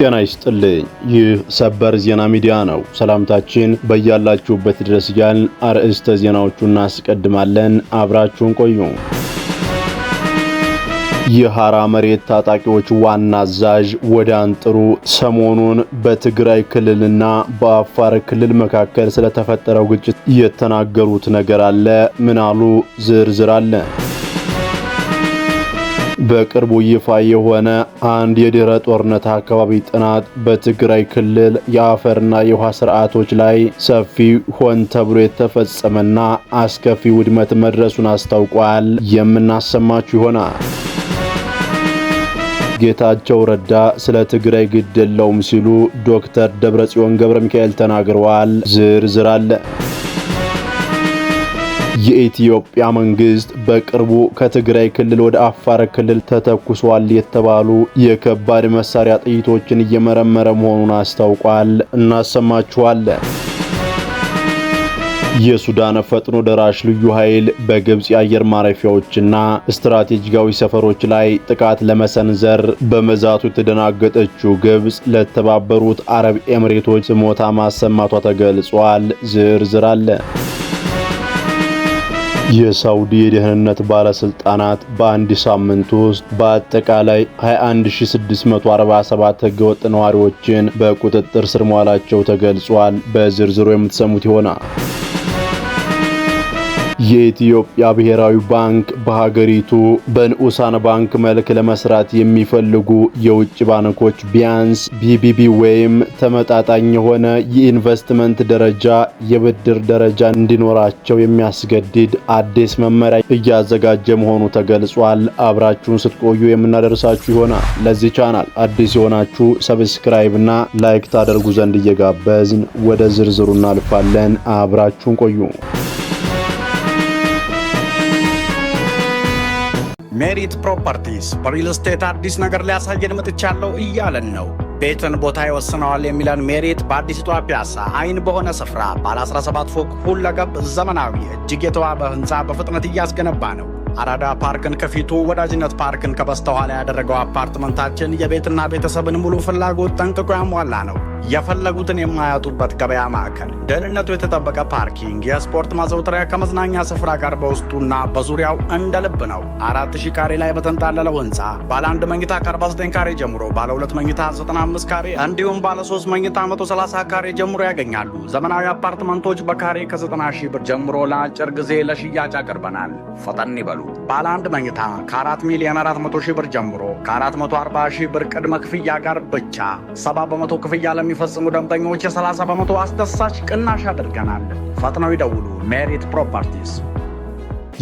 ጤና ይስጥልኝ። ይህ ሰበር ዜና ሚዲያ ነው። ሰላምታችን በያላችሁበት ድረስ እያል አርዕስተ ዜናዎቹን እናስቀድማለን። አብራችሁን ቆዩ። የሐራ መሬት ታጣቂዎች ዋና አዛዥ ወደ አንጥሩ ሰሞኑን በትግራይ ክልልና በአፋር ክልል መካከል ስለተፈጠረው ግጭት የተናገሩት ነገር አለ። ምን አሉ? ዝርዝር አለ። በቅርቡ ይፋ የሆነ አንድ የድህረ ጦርነት አካባቢ ጥናት በትግራይ ክልል የአፈርና የውሃ ስርዓቶች ላይ ሰፊ ሆን ተብሎ የተፈጸመና አስከፊ ውድመት መድረሱን አስታውቋል። የምናሰማችሁ ይሆናል። ጌታቸው ረዳ ስለ ትግራይ ግድ የለውም ሲሉ ዶክተር ደብረጽዮን ገብረ ሚካኤል ተናግረዋል። ዝርዝር አለ። የኢትዮጵያ መንግስት በቅርቡ ከትግራይ ክልል ወደ አፋር ክልል ተተኩሷል የተባሉ የከባድ መሳሪያ ጥይቶችን እየመረመረ መሆኑን አስታውቋል። እናሰማችኋለን። የሱዳን ፈጥኖ ደራሽ ልዩ ኃይል በግብፅ የአየር ማረፊያዎችና ስትራቴጂካዊ ሰፈሮች ላይ ጥቃት ለመሰንዘር በመዛቱ የተደናገጠችው ግብፅ ለተባበሩት አረብ ኤምሬቶች ስሞታ ማሰማቷ ተገልጿል። ዝርዝር አለ። የሳውዲ የደህንነት ባለስልጣናት በአንድ ሳምንት ውስጥ በአጠቃላይ 21647 ህገወጥ ነዋሪዎችን በቁጥጥር ስር መዋላቸው ተገልጿል። በዝርዝሩ የምትሰሙት ይሆናል። የኢትዮጵያ ብሔራዊ ባንክ በሀገሪቱ በንዑሳን ባንክ መልክ ለመስራት የሚፈልጉ የውጭ ባንኮች ቢያንስ ቢቢቢ ወይም ተመጣጣኝ የሆነ የኢንቨስትመንት ደረጃ የብድር ደረጃ እንዲኖራቸው የሚያስገድድ አዲስ መመሪያ እያዘጋጀ መሆኑ ተገልጿል። አብራችሁን ስትቆዩ የምናደርሳችሁ ይሆናል። ለዚህ ቻናል አዲስ የሆናችሁ ሰብስክራይብ እና ላይክ ታደርጉ ዘንድ እየጋበዝን ወደ ዝርዝሩ እናልፋለን። አብራችሁን ቆዩ። ሜሪት ፕሮፐርቲስ በሪል ስቴት አዲስ ነገር ሊያሳየን መጥቻለሁ እያለን ነው። ቤትን ቦታ ይወስነዋል የሚለን ሜሪት በአዲስቷ ፒያሳ አይን በሆነ ስፍራ ባለ 17 ፎቅ ሁለገብ ዘመናዊ እጅግ የተዋበ ህንፃ በፍጥነት እያስገነባ ነው። አራዳ ፓርክን ከፊቱ ወዳጅነት ፓርክን ከበስተኋላ ያደረገው አፓርትመንታችን የቤትና ቤተሰብን ሙሉ ፍላጎት ጠንቅቆ ያሟላ ነው። የፈለጉትን የማያጡበት ገበያ ማዕከል፣ ደህንነቱ የተጠበቀ ፓርኪንግ፣ የስፖርት ማዘውተሪያ ከመዝናኛ ስፍራ ጋር በውስጡና በዙሪያው እንደ ልብ ነው። አራት ሺህ ካሬ ላይ በተንጣለለው ህንፃ ባለ አንድ መኝታ ከ49 ካሬ ጀምሮ ባለ ሁለት መኝታ 95 ካሬ እንዲሁም ባለ ሶስት መኝታ 130 ካሬ ጀምሮ ያገኛሉ። ዘመናዊ አፓርትመንቶች በካሬ ከ90 ሺህ ብር ጀምሮ ለአጭር ጊዜ ለሽያጭ አቅርበናል። ፈጠን ይበሉ። ባለ አንድ መኝታ ከ4 ሚሊዮን 400 ሺህ ብር ጀምሮ ከ440 ሺህ ብር ቅድመ ክፍያ ጋር ብቻ 70 በመቶ ክፍያ ለሚ ለሚፈጽሙ ደንበኞች የ30 በመቶ አስደሳች ቅናሽ አድርገናል። ፈጥነው ይደውሉ። ሜሪት ፕሮፐርቲስ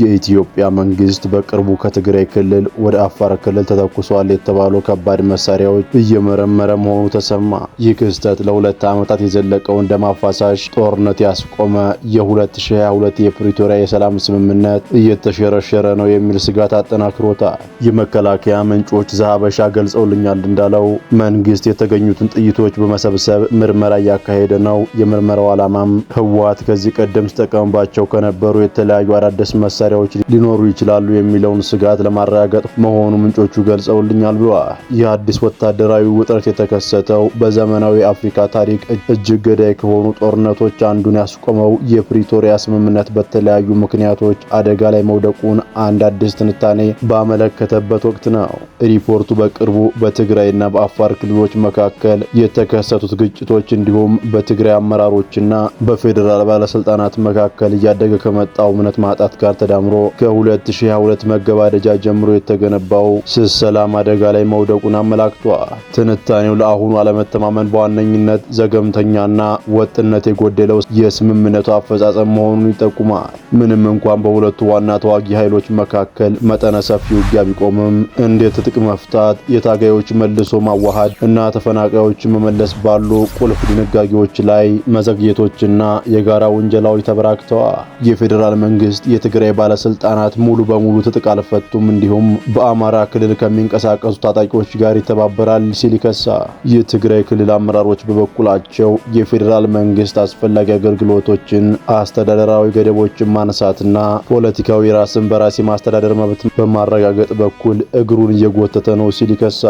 የኢትዮጵያ መንግስት በቅርቡ ከትግራይ ክልል ወደ አፋር ክልል ተተኩሷል የተባሉ ከባድ መሳሪያዎች እየመረመረ መሆኑ ተሰማ። ይህ ክስተት ለሁለት ዓመታት የዘለቀውን ደም አፋሳሽ ጦርነት ያስቆመ የ2022 የፕሪቶሪያ የሰላም ስምምነት እየተሸረሸረ ነው የሚል ስጋት አጠናክሮታል። የመከላከያ ምንጮች ዘሀበሻ ገልጸውልኛል እንዳለው መንግስት የተገኙትን ጥይቶች በመሰብሰብ ምርመራ እያካሄደ ነው። የምርመራው ዓላማም ህወሓት ከዚህ ቀደም ሲጠቀምባቸው ከነበሩ የተለያዩ አዳዲስ መሳ መሳሪያዎች ሊኖሩ ይችላሉ የሚለውን ስጋት ለማረጋገጥ መሆኑ ምንጮቹ ገልጸውልኛል ብለዋል። ይህ አዲስ ወታደራዊ ውጥረት የተከሰተው በዘመናዊ አፍሪካ ታሪክ እጅግ ገዳይ ከሆኑ ጦርነቶች አንዱን ያስቆመው የፕሪቶሪያ ስምምነት በተለያዩ ምክንያቶች አደጋ ላይ መውደቁን አንድ አዲስ ትንታኔ ባመለከተበት ወቅት ነው። ሪፖርቱ በቅርቡ በትግራይና በአፋር ክልሎች መካከል የተከሰቱት ግጭቶች እንዲሁም በትግራይ አመራሮችና በፌዴራል ባለስልጣናት መካከል እያደገ ከመጣው እምነት ማጣት ጋር ተዳ ተዳምሮ ከ2022 መገባደጃ ጀምሮ የተገነባው ስስ ሰላም አደጋ ላይ መውደቁን አመላክቷል። ትንታኔው ለአሁኑ አለመተማመን በዋነኝነት ዘገምተኛና ወጥነት የጎደለው የስምምነቱ አፈጻጸም መሆኑን ይጠቁማል። ምንም እንኳን በሁለቱ ዋና ተዋጊ ኃይሎች መካከል መጠነ ሰፊ ውጊያ ቢቆምም እንደ ትጥቅ መፍታት፣ የታጋዮች መልሶ ማዋሃድ እና ተፈናቃዮች መመለስ ባሉ ቁልፍ ድንጋጌዎች ላይ መዘግየቶችና የጋራ ውንጀላዎች ተበራክተዋል። የፌዴራል መንግስት የትግራይ ባለስልጣናት ሙሉ በሙሉ ትጥቅ አልፈቱም፣ እንዲሁም በአማራ ክልል ከሚንቀሳቀሱ ታጣቂዎች ጋር ይተባበራል ሲል ይከሳ። የትግራይ ክልል አመራሮች በበኩላቸው የፌዴራል መንግስት አስፈላጊ አገልግሎቶችን፣ አስተዳደራዊ ገደቦችን ማንሳትና ፖለቲካዊ ራስን በራስ የማስተዳደር መብት በማረጋገጥ በኩል እግሩን እየጎተተ ነው ሲል ይከሳ።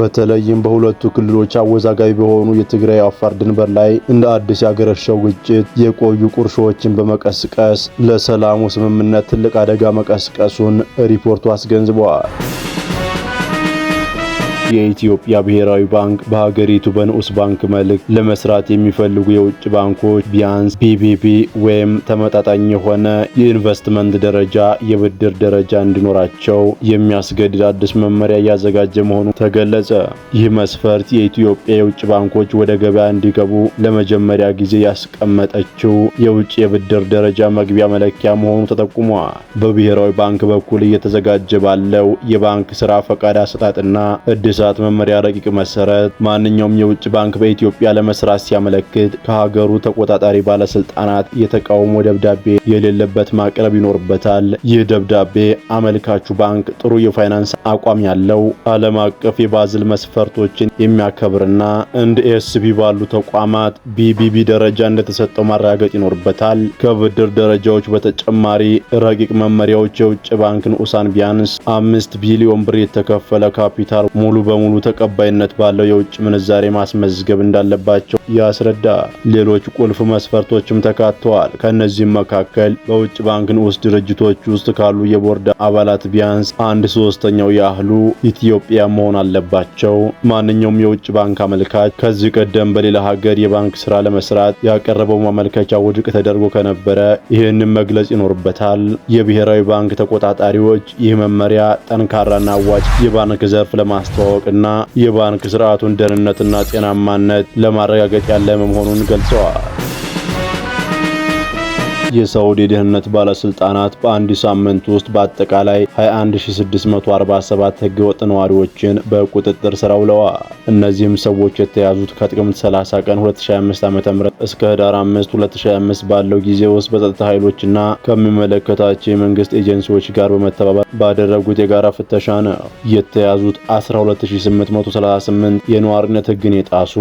በተለይም በሁለቱ ክልሎች አወዛጋቢ በሆኑ የትግራይ አፋር ድንበር ላይ እንደ አዲስ ያገረሸው ግጭት የቆዩ ቁርሾዎችን በመቀስቀስ ለሰላሙ ስምምነት ትልቅ አደጋ መቀስቀሱን ሪፖርቱ አስገንዝበዋል። የኢትዮጵያ ብሔራዊ ባንክ በሀገሪቱ በንዑስ ባንክ መልክ ለመስራት የሚፈልጉ የውጭ ባንኮች ቢያንስ ቢቢቢ ወይም ተመጣጣኝ የሆነ የኢንቨስትመንት ደረጃ የብድር ደረጃ እንዲኖራቸው የሚያስገድድ አዲስ መመሪያ እያዘጋጀ መሆኑ ተገለጸ። ይህ መስፈርት የኢትዮጵያ የውጭ ባንኮች ወደ ገበያ እንዲገቡ ለመጀመሪያ ጊዜ ያስቀመጠችው የውጭ የብድር ደረጃ መግቢያ መለኪያ መሆኑ ተጠቁሟል። በብሔራዊ ባንክ በኩል እየተዘጋጀ ባለው የባንክ ስራ ፈቃድ አሰጣጥና እድሳ ግዛት መመሪያ ረቂቅ መሰረት ማንኛውም የውጭ ባንክ በኢትዮጵያ ለመስራት ሲያመለክት ከሀገሩ ተቆጣጣሪ ባለስልጣናት የተቃውሞ ደብዳቤ የሌለበት ማቅረብ ይኖርበታል። ይህ ደብዳቤ አመልካቹ ባንክ ጥሩ የፋይናንስ አቋም ያለው ዓለም አቀፍ የባዝል መስፈርቶችን የሚያከብርና እንደ ኤስቢ ባሉ ተቋማት ቢቢቢ ደረጃ እንደተሰጠው ማረጋገጥ ይኖርበታል። ከብድር ደረጃዎች በተጨማሪ ረቂቅ መመሪያዎች የውጭ ባንክ ንዑሳን ቢያንስ አምስት ቢሊዮን ብር የተከፈለ ካፒታል ሙሉ በሙሉ ተቀባይነት ባለው የውጭ ምንዛሬ ማስመዝገብ እንዳለባቸው ያስረዳ። ሌሎች ቁልፍ መስፈርቶችም ተካተዋል። ከእነዚህም መካከል በውጭ ባንክ ንዑስ ድርጅቶች ውስጥ ካሉ የቦርድ አባላት ቢያንስ አንድ ሶስተኛው ያህሉ ኢትዮጵያ መሆን አለባቸው። ማንኛውም የውጭ ባንክ አመልካች ከዚህ ቀደም በሌላ ሀገር የባንክ ስራ ለመስራት ያቀረበው ማመልከቻ ውድቅ ተደርጎ ከነበረ ይህንን መግለጽ ይኖርበታል። የብሔራዊ ባንክ ተቆጣጣሪዎች ይህ መመሪያ ጠንካራና አዋጭ የባንክ ዘርፍ ለማስተዋወቅ ለማስተዋወቅና የባንክ ስርዓቱን ደህንነትና ጤናማነት ለማረጋገጥ ያለመ መሆኑን ገልጸዋል። የሳውዲ የደህንነት ባለስልጣናት በአንድ ሳምንት ውስጥ በአጠቃላይ 21647 ህገወጥ ነዋሪዎችን በቁጥጥር ስር ውለዋል። እነዚህም ሰዎች የተያዙት ከጥቅምት 30 ቀን 2025 ዓ.ም እስከ ህዳር 5 2025 ባለው ጊዜ ውስጥ በጸጥታ ኃይሎችና ከሚመለከታቸው የመንግስት ኤጀንሲዎች ጋር በመተባበር ባደረጉት የጋራ ፍተሻ ነው። የተያዙት 12838 የነዋሪነት ህግን የጣሱ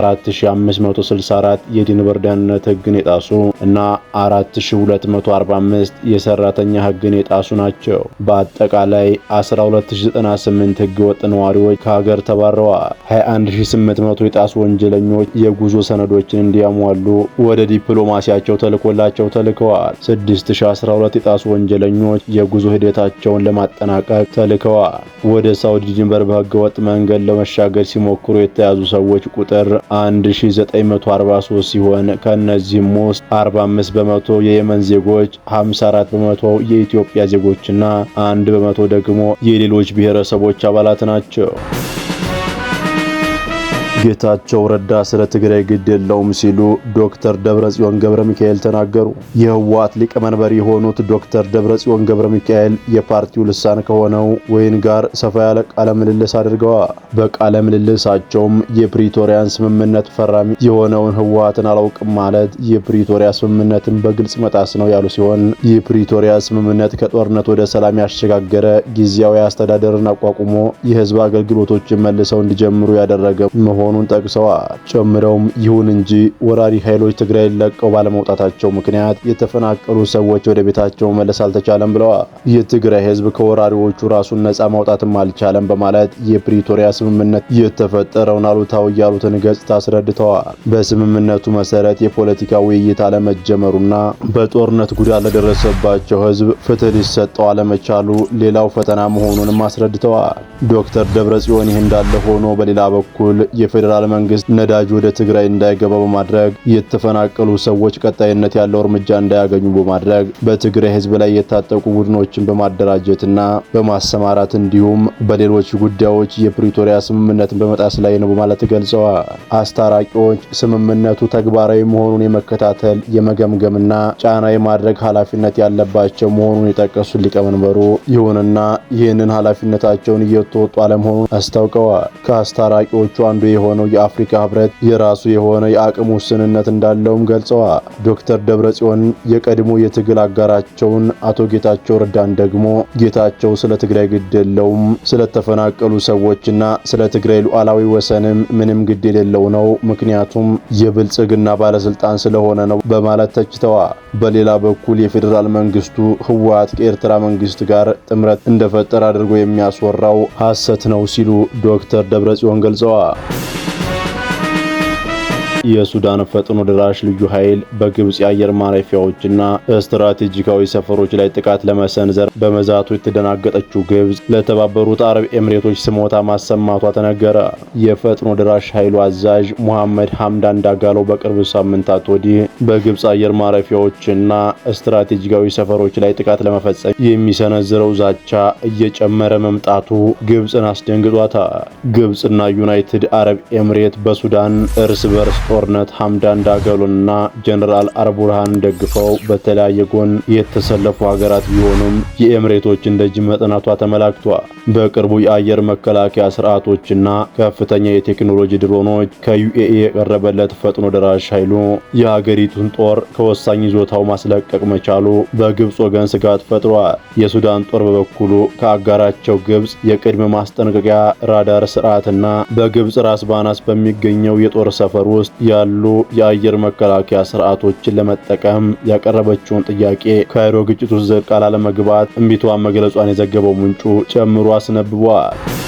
4564 የድንበር ደህንነት ህግን የጣሱ እና አራት 12245 የሰራተኛ ህግን የጣሱ ናቸው። በአጠቃላይ 12098 ወጥ ነዋሪዎች ከሀገር ተባረዋል። 21800 የጣሱ ወንጀለኞች የጉዞ ሰነዶችን እንዲያሟሉ ወደ ዲፕሎማሲያቸው ተልኮላቸው ተልከዋል። 6012 የጣሱ ወንጀለኞች የጉዞ ሂደታቸውን ለማጠናቀቅ ተልከዋል። ወደ ሳውዲ ድንበር ወጥ መንገድ ለመሻገር ሲሞክሩ የተያዙ ሰዎች ቁጥር 1943 ሲሆን ከእነዚህም ውስጥ 45 በመቶ የየመን ዜጎች 54 በመቶ የኢትዮጵያ ዜጎችና አንድ በመቶ ደግሞ የሌሎች ብሔረሰቦች አባላት ናቸው። ጌታቸው ረዳ ስለ ትግራይ ግድ የለውም ሲሉ ዶክተር ደብረጽዮን ገብረ ሚካኤል ተናገሩ። የህወሓት ሊቀመንበር የሆኑት ዶክተር ደብረጽዮን ገብረ ሚካኤል የፓርቲው ልሳን ከሆነው ወይን ጋር ሰፋ ያለ ቃለ ምልልስ አድርገዋል። በቃለ ምልልሳቸውም የፕሪቶሪያን ስምምነት ፈራሚ የሆነውን ህወሓትን አላውቅም ማለት የፕሪቶሪያ ስምምነትን በግልጽ መጣስ ነው ያሉ ሲሆን የፕሪቶሪያ ስምምነት ከጦርነት ወደ ሰላም ያሸጋገረ ጊዜያዊ አስተዳደርን አቋቁሞ የህዝብ አገልግሎቶችን መልሰው እንዲጀምሩ ያደረገ መሆኑ መሆኑን ጠቅሰዋል። ጨምረውም ይሁን እንጂ ወራሪ ኃይሎች ትግራይን ለቀው ባለመውጣታቸው ምክንያት የተፈናቀሉ ሰዎች ወደ ቤታቸው መለስ አልተቻለም ብለዋል። የትግራይ ህዝብ ከወራሪዎቹ ራሱን ነጻ ማውጣትም አልቻለም በማለት የፕሪቶሪያ ስምምነት የተፈጠረውን አሉታዊ ያሉትን ገጽታ አስረድተዋል። በስምምነቱ መሰረት የፖለቲካ ውይይት አለመጀመሩና በጦርነት ጉዳት ለደረሰባቸው ህዝብ ፍትህ ሊሰጠው አለመቻሉ ሌላው ፈተና መሆኑንም አስረድተዋል። ዶክተር ደብረጽዮን ይህ እንዳለ ሆኖ በሌላ በኩል የፌዴራል መንግስት ነዳጅ ወደ ትግራይ እንዳይገባ በማድረግ የተፈናቀሉ ሰዎች ቀጣይነት ያለው እርምጃ እንዳያገኙ በማድረግ በትግራይ ህዝብ ላይ የታጠቁ ቡድኖችን በማደራጀትና በማሰማራት እንዲሁም በሌሎች ጉዳዮች የፕሪቶሪያ ስምምነትን በመጣስ ላይ ነው በማለት ገልጸዋል። አስታራቂዎች ስምምነቱ ተግባራዊ መሆኑን የመከታተል የመገምገምና ጫና የማድረግ ኃላፊነት ያለባቸው መሆኑን የጠቀሱት ሊቀመንበሩ ይሁንና ይህንን ኃላፊነታቸውን እየተወጡ አለመሆኑን አስታውቀዋል። ከአስታራቂዎቹ አንዱ የሆነ የሆነው የአፍሪካ ህብረት የራሱ የሆነ የአቅም ውስንነት እንዳለውም ገልጸዋል። ዶክተር ደብረጽዮን የቀድሞ የትግል አጋራቸውን አቶ ጌታቸው ረዳን ደግሞ ጌታቸው ስለ ትግራይ ግድ የለውም ስለተፈናቀሉ ሰዎችና ስለ ትግራይ ሉዓላዊ ወሰንም ምንም ግድ የሌለው ነው፣ ምክንያቱም የብልጽግና ባለስልጣን ስለሆነ ነው በማለት ተችተዋል። በሌላ በኩል የፌዴራል መንግስቱ ህወሓት ከኤርትራ መንግስት ጋር ጥምረት እንደፈጠረ አድርጎ የሚያስወራው ሐሰት ነው ሲሉ ዶክተር ደብረጽዮን ገልጸዋል። የሱዳን ፈጥኖ ደራሽ ልዩ ኃይል በግብጽ የአየር ማረፊያዎችና ስትራቴጂካዊ ሰፈሮች ላይ ጥቃት ለመሰንዘር በመዛቱ የተደናገጠችው ግብጽ ለተባበሩት አረብ ኤምሬቶች ስሞታ ማሰማቷ ተነገረ። የፈጥኖ ደራሽ ኃይሉ አዛዥ ሙሐመድ ሐምዳን ዳጋሎ በቅርብ ሳምንታት ወዲህ በግብጽ አየር ማረፊያዎችና ስትራቴጂካዊ ሰፈሮች ላይ ጥቃት ለመፈጸም የሚሰነዝረው ዛቻ እየጨመረ መምጣቱ ግብጽን አስደንግጧታል። ግብጽና ዩናይትድ አረብ ኤምሬት በሱዳን እርስ በርስ ጦርነት ሐምዳን ዳገሎንና ጀነራል አልቡርሃንን ደግፈው በተለያየ ጎን የተሰለፉ ሀገራት ቢሆኑም የኤምሬቶች እንደጅ መጠናቷ ተመላክቷል። በቅርቡ የአየር መከላከያ ስርዓቶችና ከፍተኛ የቴክኖሎጂ ድሮኖች ከዩኤኤ የቀረበለት ፈጥኖ ደራሽ ኃይሉ የሀገሪቱን ጦር ከወሳኝ ይዞታው ማስለቀቅ መቻሉ በግብፅ ወገን ስጋት ፈጥሯል። የሱዳን ጦር በበኩሉ ከአጋራቸው ግብፅ የቅድመ ማስጠንቀቂያ ራዳር ስርዓትና በግብፅ ራስ ባናስ በሚገኘው የጦር ሰፈር ውስጥ ያሉ የአየር መከላከያ ስርዓቶችን ለመጠቀም ያቀረበችውን ጥያቄ ካይሮ ግጭቱ ውስጥ ዘልቃ ላለመግባት እምቢቷን መግለጿን የዘገበው ምንጩ ጨምሮ አስነብቧል።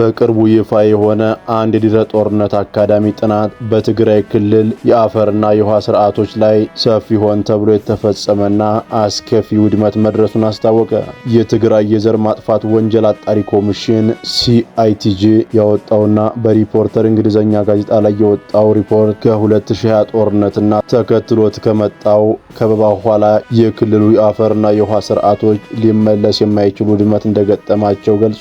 በቅርቡ ይፋ የሆነ አንድ የድህረ ጦርነት አካዳሚ ጥናት በትግራይ ክልል የአፈርና የውሃ ስርዓቶች ላይ ሰፊ ሆን ተብሎ የተፈጸመና አስከፊ ውድመት መድረሱን አስታወቀ። የትግራይ የዘር ማጥፋት ወንጀል አጣሪ ኮሚሽን ሲአይቲጂ ያወጣውና በሪፖርተር እንግሊዝኛ ጋዜጣ ላይ የወጣው ሪፖርት ከ2020 ጦርነትና ተከትሎት ከመጣው ከበባ ኋላ የክልሉ የአፈርና የውሃ ስርዓቶች ሊመለስ የማይችሉ ውድመት እንደገጠማቸው ገልጿል።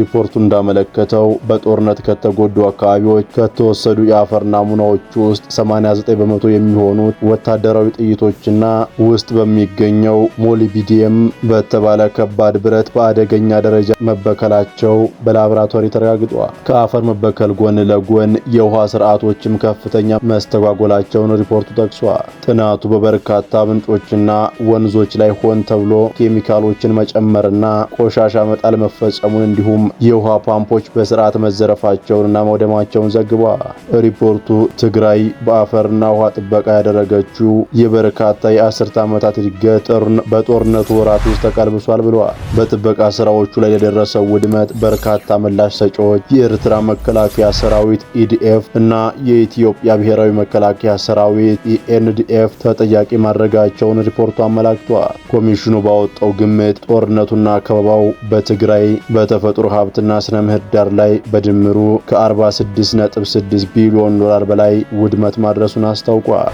ሪፖርቱ እንዳመለከ ያመለከተው በጦርነት ከተጎዱ አካባቢዎች ከተወሰዱ የአፈር ናሙናዎች ውስጥ 89 በመቶ የሚሆኑት ወታደራዊ ጥይቶችና ውስጥ በሚገኘው ሞሊቢዲየም በተባለ ከባድ ብረት በአደገኛ ደረጃ መበከላቸው በላብራቶሪ ተረጋግጧል። ከአፈር መበከል ጎን ለጎን የውሃ ስርዓቶችም ከፍተኛ መስተጓጎላቸውን ሪፖርቱ ጠቅሷል። ጥናቱ በበርካታ ምንጮችና ወንዞች ላይ ሆን ተብሎ ኬሚካሎችን መጨመርና ቆሻሻ መጣል መፈጸሙን እንዲሁም የውሃ ፓምፖ ሱቆች በስርዓት መዘረፋቸውንና መውደማቸውን ዘግቧል። ሪፖርቱ ትግራይ በአፈርና ውሃ ጥበቃ ያደረገችው የበርካታ የአስርተ ዓመታት እድገት በጦርነቱ ወራት ውስጥ ተቀልብሷል ብለዋል። በጥበቃ ስራዎቹ ላይ ለደረሰው ውድመት በርካታ ምላሽ ሰጪዎች የኤርትራ መከላከያ ሰራዊት ኢዲኤፍ እና የኢትዮጵያ ብሔራዊ መከላከያ ሰራዊት ኢኤንዲኤፍ ተጠያቂ ማድረጋቸውን ሪፖርቱ አመላክቷል። ኮሚሽኑ ባወጣው ግምት ጦርነቱና ከበባው በትግራይ በተፈጥሮ ሀብትና ስነ ምህዳር ዳር ላይ በድምሩ ከ46.6 ቢሊዮን ዶላር በላይ ውድመት ማድረሱን አስታውቋል።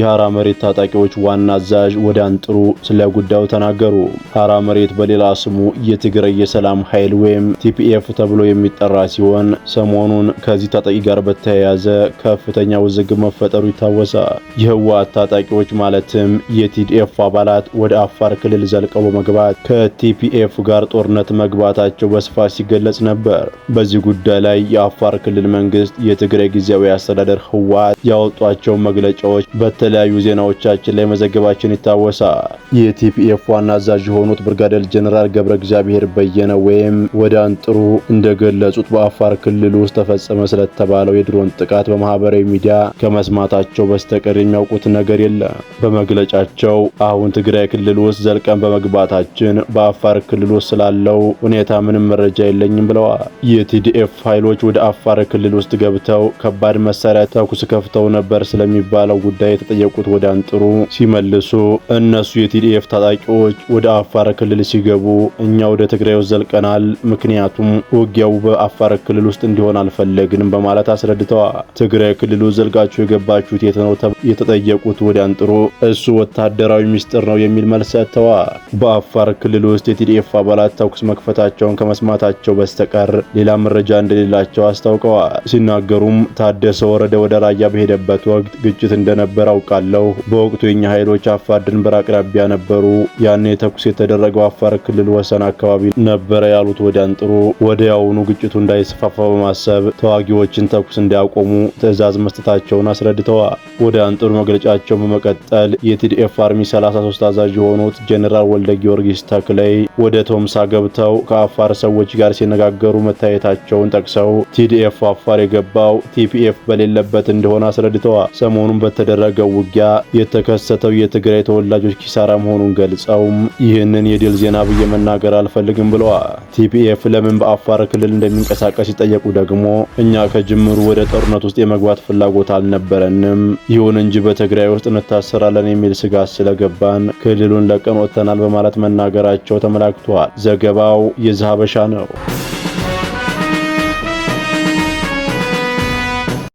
የሐራ መሬት ታጣቂዎች ዋና አዛዥ ወደ አንጥሩ ስለ ጉዳዩ ተናገሩ። ሐራ መሬት በሌላ ስሙ የትግራይ የሰላም ኃይል ወይም ቲፒኤፍ ተብሎ የሚጠራ ሲሆን ሰሞኑን ከዚህ ታጣቂ ጋር በተያያዘ ከፍተኛ ውዝግብ መፈጠሩ ይታወሳል። የህወሓት ታጣቂዎች ማለትም የቲዲኤፍ አባላት ወደ አፋር ክልል ዘልቀው በመግባት ከቲፒኤፍ ጋር ጦርነት መግባታቸው በስፋት ሲገለጽ ነበር። በዚህ ጉዳይ ላይ የአፋር ክልል መንግስት፣ የትግራይ ጊዜያዊ አስተዳደር ህወሓት ያወጧቸው መግለጫዎች በተ በተለያዩ ዜናዎቻችን ላይ መዘገባችን ይታወሳል። የቲፒኤፍ ዋና አዛዥ የሆኑት ብርጋዴር ጀኔራል ገብረ እግዚአብሔር በየነ ወይም ወደ አንጥሩ እንደገለጹት በአፋር ክልል ውስጥ ተፈጸመ ስለተባለው የድሮን ጥቃት በማህበራዊ ሚዲያ ከመስማታቸው በስተቀር የሚያውቁት ነገር የለም። በመግለጫቸው አሁን ትግራይ ክልል ውስጥ ዘልቀን በመግባታችን በአፋር ክልል ውስጥ ስላለው ሁኔታ ምንም መረጃ የለኝም ብለዋል። የቲዲኤፍ ኃይሎች ወደ አፋር ክልል ውስጥ ገብተው ከባድ መሳሪያ ተኩስ ከፍተው ነበር ስለሚባለው ጉዳይ የጠየቁት ወደ አንጥሩ ሲመልሱ እነሱ የቲዲኤፍ ታጣቂዎች ወደ አፋር ክልል ሲገቡ እኛ ወደ ትግራይ ውስጥ ዘልቀናል፣ ምክንያቱም ውጊያው በአፋር ክልል ውስጥ እንዲሆን አልፈለግንም በማለት አስረድተዋል። ትግራይ ክልል ዘልቃችሁ የገባችሁት የት ነው የተጠየቁት ወደ አንጥሩ እሱ ወታደራዊ ሚስጥር ነው የሚል መልስ ሰጥተዋል። በአፋር ክልል ውስጥ የቲዲኤፍ አባላት ተኩስ መክፈታቸውን ከመስማታቸው በስተቀር ሌላ መረጃ እንደሌላቸው አስታውቀዋል። ሲናገሩም ታደሰ ወረደ ወደ ራያ በሄደበት ወቅት ግጭት እንደነበረው አውቃለሁ። በወቅቱ የኛ ኃይሎች አፋር ድንበር አቅራቢያ ነበሩ። ያኔ ተኩስ የተደረገው አፋር ክልል ወሰን አካባቢ ነበረ ያሉት ወዲያን ጥሩ፣ ወዲያውኑ ግጭቱ እንዳይስፋፋ በማሰብ ተዋጊዎችን ተኩስ እንዲያቆሙ ትዕዛዝ መስጠታቸውን አስረድተዋል። ወዲያን ጥሩ መግለጫቸውን በመቀጠል የቲዲኤፍ አርሚ 33 አዛዥ የሆኑት ጄኔራል ወልደ ጊዮርጊስ ተክለይ ወደ ቶምሳ ገብተው ከአፋር ሰዎች ጋር ሲነጋገሩ መታየታቸውን ጠቅሰው ቲዲኤፍ አፋር የገባው ቲፒኤፍ በሌለበት እንደሆነ አስረድተዋል። ሰሞኑን በተደረገው ውጊያ የተከሰተው የትግራይ ተወላጆች ኪሳራ መሆኑን ገልጸው ይህንን የድል ዜና ብዬ መናገር አልፈልግም ብለዋል። ቲፒኤፍ ለምን በአፋር ክልል እንደሚንቀሳቀስ ሲጠየቁ ደግሞ እኛ ከጅምሩ ወደ ጦርነት ውስጥ የመግባት ፍላጎት አልነበረንም፣ ይሁን እንጂ በትግራይ ውስጥ እንታሰራለን የሚል ስጋት ስለገባን ክልሉን ለቀን ወጥተናል በማለት መናገራቸው ተመላክቷል። ዘገባው የዛሀበሻ ነው።